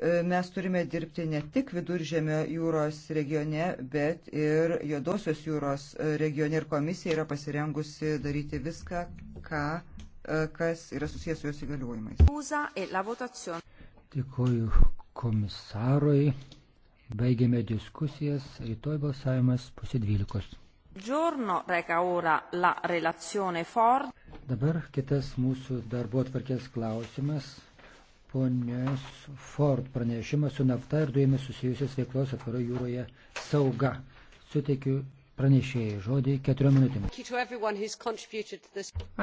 E, mes turime dirbti ne tik viduržėmio jūros regione, bet ir juodosios jūros e, regione. Ir komisija yra pasirengusi daryti viską, ką, e, kas yra susijęs su jos įgaliojimais. Dėkuoju komisarui. Baigėme diskusijas. Rytoj balsavimas pusė dvylikos. Dabar kitas mūsų darbo atvarkės klausimas ponios Ford pranešimą su nafta ir dujomis susijusios veiklos atvaro jūroje sauga. Suteikiu pranešėjai žodį keturiom minutėmis.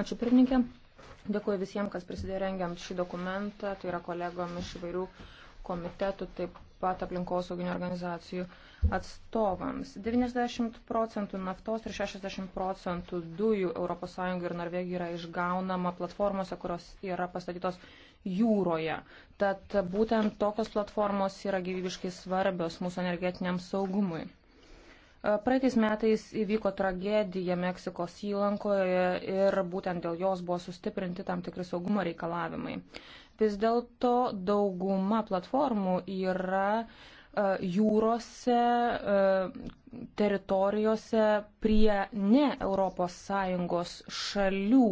Ačiū pirmininkė. Dėkuoju visiems, kas prisidėjo rengiant šį dokumentą, tai yra kolegom iš įvairių komitetų, taip pat aplinkosauginių organizacijų atstovams. 90 procentų naftos ir 60 procentų dujų ES ir Norvegija yra išgaunama platformose, kurios yra pastatytos jūroje. Tad būtent tokios platformos yra gyvybiškai svarbios mūsų energetiniam saugumui. E, Praeitais metais įvyko tragedija Meksikos įlankoje ir būtent dėl jos buvo sustiprinti tam tikri saugumo reikalavimai. Vis dėlto dauguma platformų yra E, jūrose, e, teritorijose prie ne ES šalių.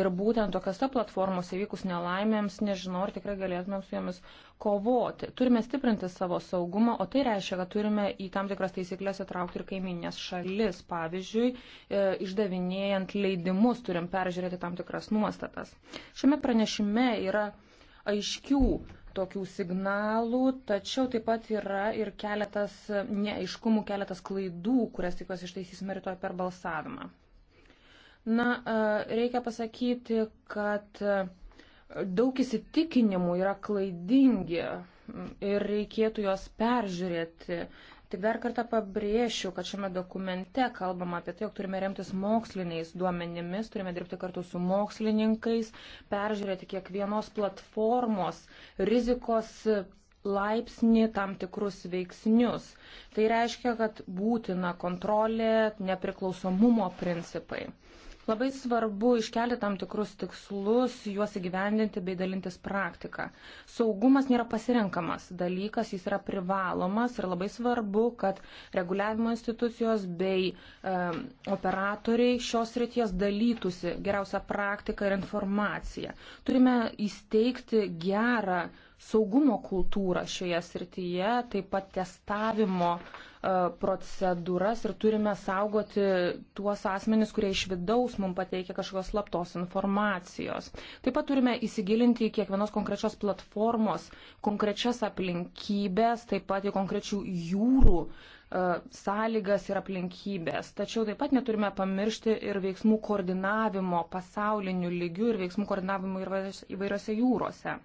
Ir būtent tokiose platformose vykus nelaimėms, nežinau, ar tikrai galėtumėm su jomis kovoti. Turime stiprinti savo saugumą, o tai reiškia, kad turime į tam tikras taisyklės įtraukti ir kaiminės šalis. Pavyzdžiui, e, išdavinėjant leidimus turim peržiūrėti tam tikras nuostatas. Šiame pranešime yra aiškių tokių signalų, tačiau taip pat yra ir keletas neaiškumų, keletas klaidų, kurias tikiuosi ištaisysime rytoj per balsavimą. Na, e, reikia pasakyti, kad e, daug įsitikinimų yra klaidingi ir reikėtų juos peržiūrėti. Tik dar kartą pabrėšiu, kad šiame dokumente kalbama apie tai, jog turime remtis moksliniais duomenimis, turime dirbti kartu su mokslininkais, peržiūrėti kiekvienos platformos rizikos laipsnį tam tikrus veiksnius. Tai reiškia, kad būtina kontrolė, nepriklausomumo principai. Labai svarbu iškelti tam tikrus tikslus, juos įgyvendinti bei dalintis praktiką. Saugumas nėra pasirenkamas dalykas, jis yra privalomas ir labai svarbu, kad reguliavimo institucijos bei e, operatoriai šios ryties dalytųsi geriausią praktiką ir informaciją. Turime įsteigti gerą saugumo kultūrą šioje srityje, taip pat testavimo e, procedūras ir turime saugoti tuos asmenis, kurie iš vidaus mums pateikia kažkokios slaptos informacijos. Taip pat turime įsigilinti į kiekvienos konkrečios platformos, konkrečias aplinkybės, taip pat į konkrečių jūrų e, sąlygas ir aplinkybės. Tačiau taip pat neturime pamiršti ir veiksmų koordinavimo pasauliniu lygiu ir veiksmų koordinavimo įvairiose jūrose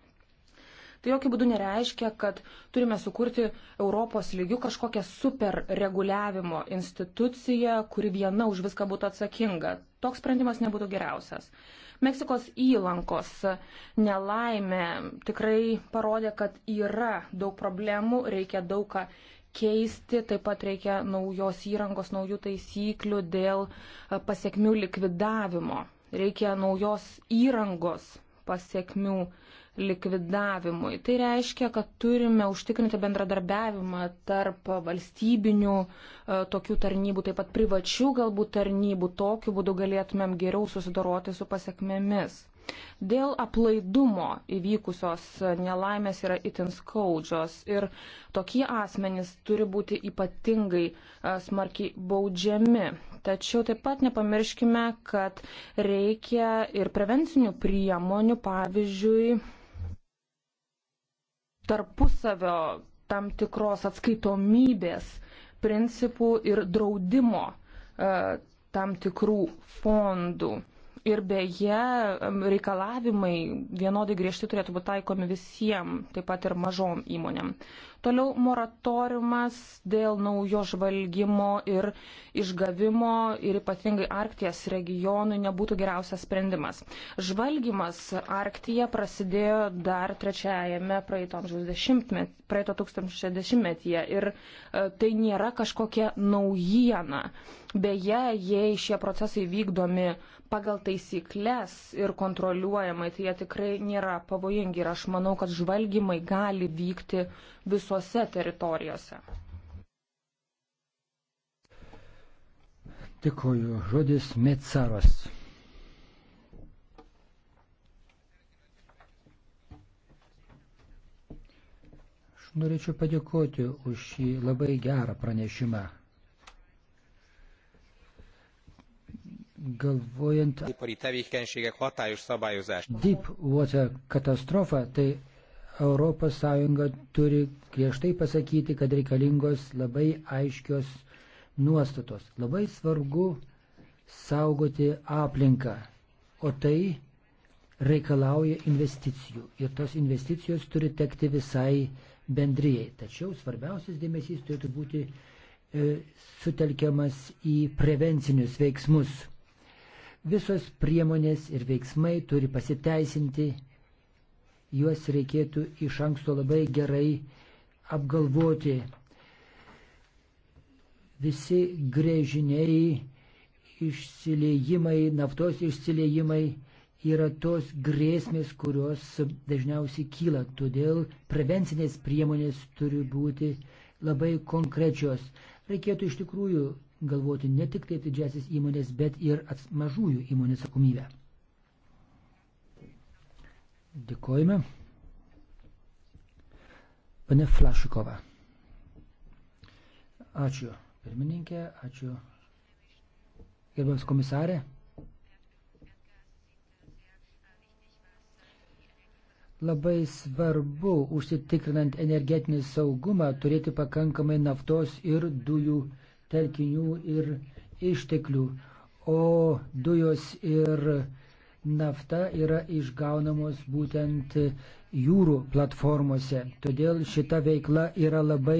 tai jokių būdų nereiškia, kad turime sukurti Europos lygių kažkokią superreguliavimo instituciją, kuri viena už viską būtų atsakinga. Toks sprendimas nebūtų geriausias. Meksikos įlankos nelaimė tikrai parodė, kad yra daug problemų, reikia daug ką keisti, taip pat reikia naujos įrangos, naujų taisyklių dėl pasiekmių likvidavimo. Reikia naujos įrangos pasiekmių likvidavimui. Tai reiškia, kad turime užtikrinti bendradarbiavimą tarp valstybinių e, tokių tarnybų, taip pat privačių galbūt tarnybų. Tokiu būdu galėtumėm geriau susidoroti su pasiekmėmis. Dėl aplaidumo įvykusios nelaimės yra itin skaudžios ir tokie asmenys turi būti ypatingai e, smarkiai baudžiami. Tačiau taip pat nepamirškime, kad reikia ir prevencinių priemonių, pavyzdžiui, tarpusavio tam tikros atskaitomybės principų ir draudimo e, tam tikrų fondų. Ir beje, reikalavimai vienodai griežti turėtų būti taikomi visiems, taip pat ir mažom įmonėm. Toliau moratoriumas dėl naujo žvalgymo ir išgavimo ir ypatingai Arkties regionui nebūtų geriausias sprendimas. Žvalgymas Arktyje prasidėjo dar trečiajame praeito amžiaus dešimtmetyje, praeito tūkstančio dešimtmetyje ir e, tai nėra kažkokia naujiena. Beje, jei šie procesai vykdomi pagal taisyklės ir kontroliuojamai, tai jie tikrai nėra pavojingi ir aš manau, kad žvalgymai gali vykti visose teritorijose. Dėkuoju. Žodis Metsaros. Aš norėčiau padėkoti už šį labai gerą pranešimą. galvojant ipari tevékenységek hatályos szabályozás. Deep water katastrofa, tai ES turi griežtai pasakyti, kad reikalingos labai aiškios nuostatos. Labai svarbu saugoti aplinką, o tai reikalauja investicijų. Ir tos investicijos turi tekti visai bendrijai. Tačiau svarbiausias dėmesys turėtų būti e, sutelkiamas į prevencinius veiksmus Visos priemonės ir veiksmai turi pasiteisinti, juos reikėtų iš anksto labai gerai apgalvoti. Visi grėžiniai, išsiliejimai, naftos išsiliejimai yra tos grėsmės, kurios dažniausiai kyla. Todėl prevencinės priemonės turi būti labai konkrečios. Reikėtų iš tikrųjų galvoti ne tik kaip didžiasis įmonės, bet ir mažųjų įmonės atsakomybę. Dėkojame. Pane Flašikova. Ačiū pirmininkė, ačiū gerbiamas komisarė. Labai svarbu užsitikrinant energetinį saugumą turėti pakankamai naftos ir dujų telkinių ir išteklių, o dujos ir nafta yra išgaunamos būtent jūrų platformose. Todėl šita veikla yra labai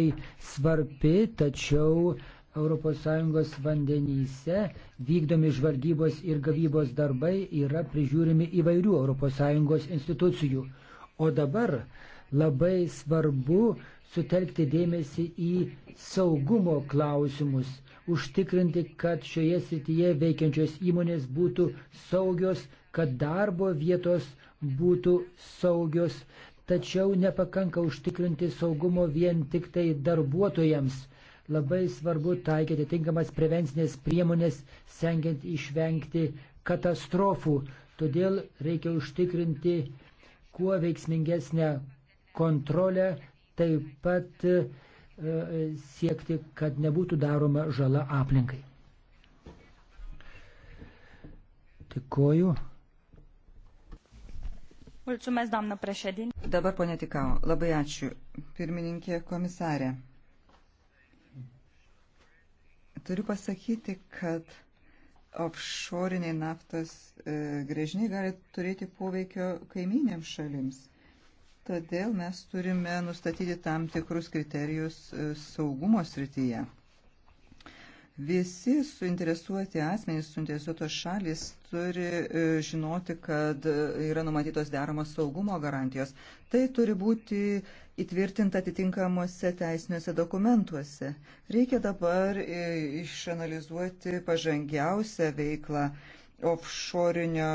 svarbi, tačiau ES vandenyse vykdomi žvalgybos ir gavybos darbai yra prižiūrimi įvairių ES institucijų. O dabar Labai svarbu sutelkti dėmesį į saugumo klausimus, užtikrinti, kad šioje srityje veikiančios įmonės būtų saugios, kad darbo vietos būtų saugios, tačiau nepakanka užtikrinti saugumo vien tik tai darbuotojams. Labai svarbu taikyti tinkamas prevencinės priemonės, sengiant išvengti katastrofų. Todėl reikia užtikrinti kuo veiksmingesnę kontrolę, taip pat e, siekti, kad nebūtų daroma žala aplinkai. Dėkoju. Mulțumesc, doamnă președinte. Dabar, ponė Tikau, labai ačiū. Pirmininkė komisarė. Turiu pasakyti, kad offshoriniai naftos e, grėžiniai gali turėti poveikio kaiminėms šalims. Todėl mes turime nustatyti tam tikrus kriterijus e, saugumo srityje. Visi suinteresuoti asmenys, suinteresuotos šalis turi e, žinoti, kad e, yra numatytos deramos saugumo garantijos. Tai turi būti įtvirtinta atitinkamuose teisiniuose dokumentuose. Reikia dabar išanalizuoti pažangiausią veiklą offshore'inio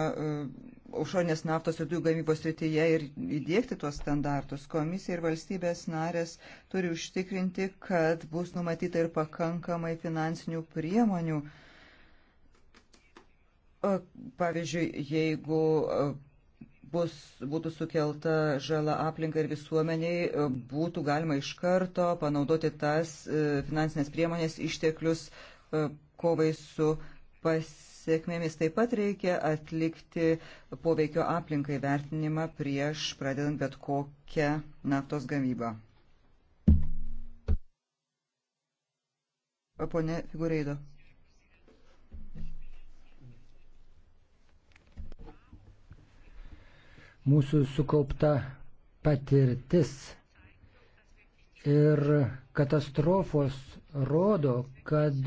aušonės naftos ir dujų gamybos srityje ir įdėkti tuos standartus. Komisija ir valstybės narės turi užtikrinti, kad bus numatyta ir pakankamai finansinių priemonių. Pavyzdžiui, jeigu bus, būtų sukelta žala aplinkai ir visuomeniai, būtų galima iš karto panaudoti tas e, finansinės priemonės išteklius e, kovai su pasiekti pasiekmėmis. Taip pat reikia atlikti poveikio aplinkai vertinimą prieš pradedant bet kokią naftos gamybą. Pone Figureido. Mūsų sukaupta patirtis ir katastrofos rodo, kad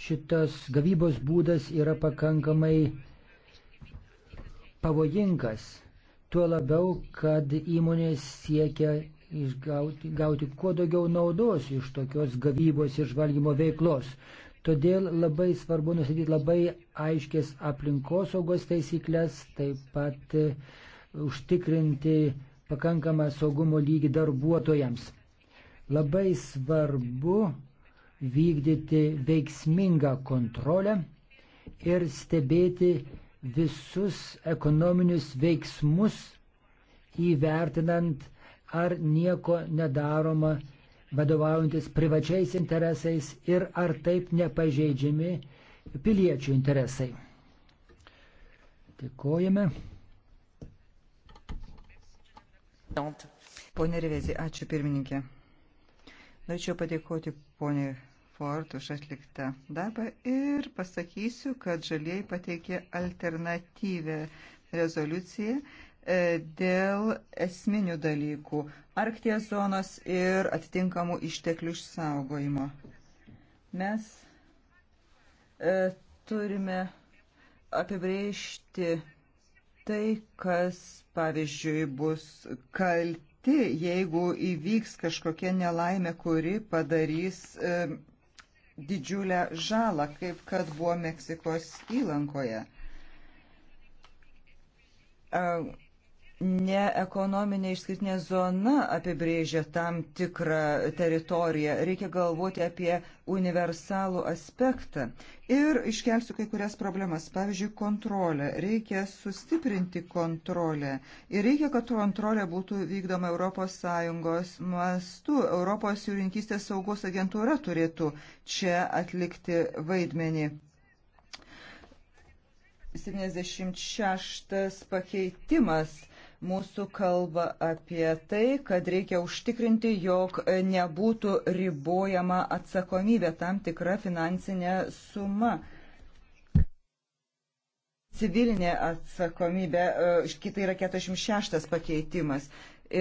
šitas gavybos būdas yra pakankamai pavojingas. Tuo labiau, kad įmonės siekia išgauti, gauti kuo daugiau naudos iš tokios gavybos ir žvalgymo veiklos. Todėl labai svarbu nusidyti labai aiškės aplinkosaugos taisyklės, taip pat e, užtikrinti pakankamą saugumo lygį darbuotojams. Labai svarbu vykdyti veiksmingą kontrolę ir stebėti visus ekonominius veiksmus, įvertinant, ar nieko nedaroma vadovaujantis privačiais interesais ir ar taip nepažeidžiami piliečių interesai. Dėkojame. Pone Revezi, ačiū pirmininkė. Norėčiau padėkoti ponė Ford už atliktą darbą ir pasakysiu, kad žalieji pateikė alternatyvę rezoliuciją e, dėl esminių dalykų - Arkties zonos ir atitinkamų išteklių išsaugojimo. Mes e, turime apibrėžti tai, kas, pavyzdžiui, bus kalti, jeigu įvyks kažkokia nelaimė, kuri padarys e, didžiulę žalą, kaip kad buvo Meksikos įlankoje ne ekonominė išskirtinė zona apibrėžia tam tikrą teritoriją. Reikia galvoti apie universalų aspektą. Ir iškelsiu kai kurias problemas. Pavyzdžiui, kontrolę. Reikia sustiprinti kontrolę. Ir reikia, kad kontrolė būtų vykdoma ES mastu. Europos jūrinkystės saugos agentūra turėtų čia atlikti vaidmenį. 76 pakeitimas mūsų kalba apie tai, kad reikia užtikrinti, jog nebūtų ribojama atsakomybė tam tikra finansinė suma. Civilinė atsakomybė, e, kitai yra 46 pakeitimas.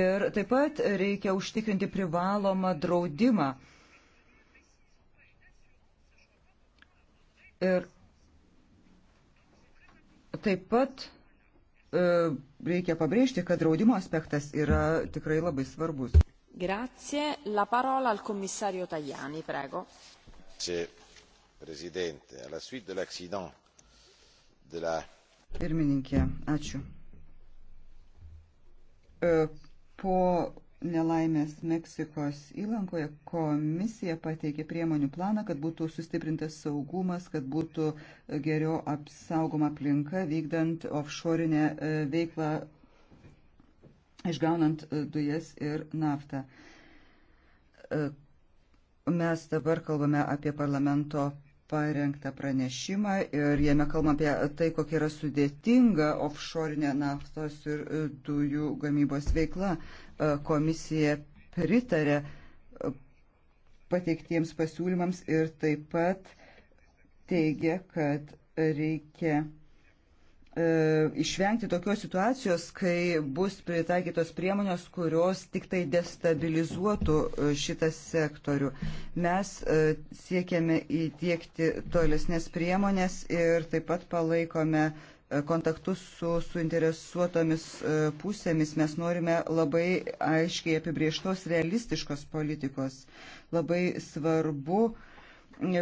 Ir taip pat reikia užtikrinti privalomą draudimą. Ir taip pat E, reikia pabrėžti, kad draudimo aspektas yra tikrai labai svarbus. Grazie. La parola al commissario Tajani, prego. Grazie, Presidente. Alla suite de l'accident de la... Pirmininkė, ačiū. E, po nelaimės Meksikos įlankoje komisija pateikė priemonių planą, kad būtų sustiprintas saugumas, kad būtų geriau apsaugoma aplinka vykdant offshorinę e, veiklą, išgaunant e, dujas ir naftą. E, mes dabar kalbame apie parlamento parengtą pranešimą ir jame kalbam apie tai, kokia yra sudėtinga offshore'inė naftos ir e, dujų gamybos veikla. E, komisija pritarė e, pateiktiems pasiūlymams ir taip pat teigia, kad reikia E, išvengti tokios situacijos, kai bus pritaikytos priemonės, kurios tik tai destabilizuotų e, šitą sektorių. Mes e, siekiame įtiekti tolesnės priemonės ir taip pat palaikome kontaktus su suinteresuotomis pusėmis. Mes norime labai aiškiai apibrieštos realistiškos politikos. Labai svarbu,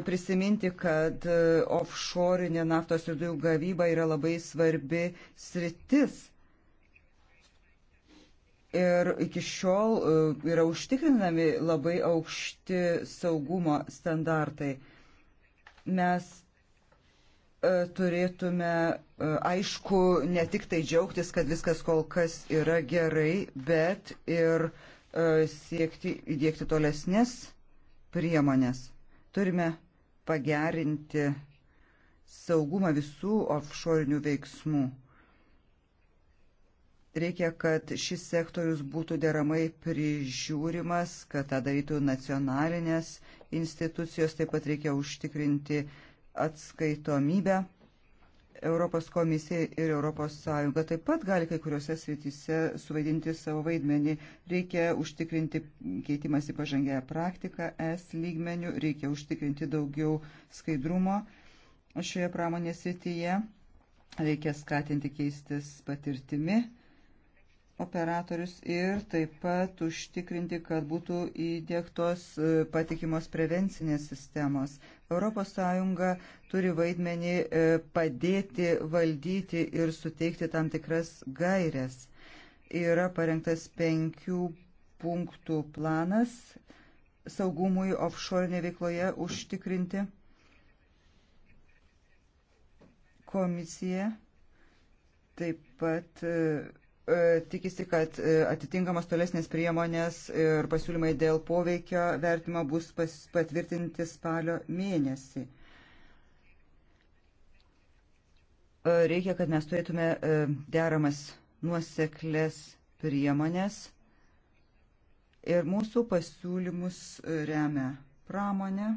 prisiminti, kad e, offshore'inė naftos ir dujų gavyba yra labai svarbi sritis. Ir iki šiol e, yra užtikrinami labai aukšti saugumo standartai. Mes e, turėtume, aišku, ne tik tai džiaugtis, kad viskas kol kas yra gerai, bet ir siekti įdėkti tolesnės priemonės. Turime pagerinti saugumą visų offshore'inių veiksmų. Reikia, kad šis sektorius būtų deramai prižiūrimas, kad tą darytų nacionalinės institucijos, taip pat reikia užtikrinti atskaitomybę Europos komisija ir Europos Sąjunga taip pat gali kai kuriuose srityse suvaidinti savo vaidmenį. Reikia užtikrinti keitimąsi pažangę praktiką S lygmenių, reikia užtikrinti daugiau skaidrumo šioje pramonės srityje, reikia skatinti keistis patirtimi operatorius ir taip pat užtikrinti, kad būtų įdėktos e, patikimos prevencinės sistemos. ES turi vaidmenį e, padėti valdyti ir suteikti tam tikras gairias. Yra parengtas penkių punktų planas saugumui offshore veikloje užtikrinti. Komisija taip pat e, E, tikisi, kad e, atitinkamos tolesnės priemonės ir pasiūlymai dėl poveikio vertimo bus pas, patvirtinti spalio mėnesį. E, reikia, kad mes turėtume deramas nuoseklės priemonės ir mūsų pasiūlymus remia pramonė.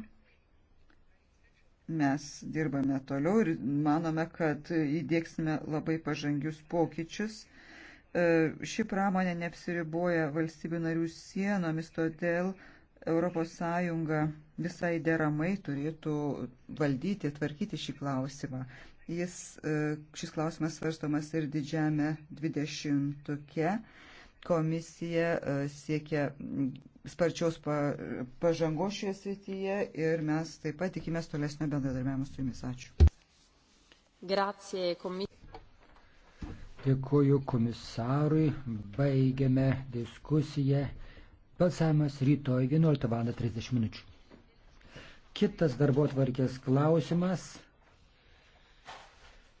Mes dirbame toliau ir manome, kad įdėksime labai pažangius pokyčius E, ši pramonė neapsiriboja valstybių narių sienomis, todėl ES visai deramai turėtų valdyti, tvarkyti šį klausimą. Jis, e, šis klausimas svarstomas ir didžiame 20-tuke. Komisija e, siekia sparčios pažangos šioje srityje ir mes taip pat tikimės tolesnio bendradarbiavimo su jumis. Ačiū. Grazie, komis... Dėkuoju komisarui, baigiame diskusiją. Balsavimas rytoj 11.30 min. Kitas darbo tvarkės klausimas.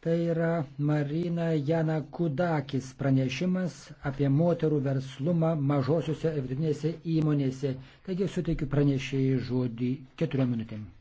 Tai yra Marina Jana Kudakis pranešimas apie moterų verslumą mažosiuose ir vidutinėse įmonėse. Taigi suteikiu pranešėjai žodį keturiom minutėm.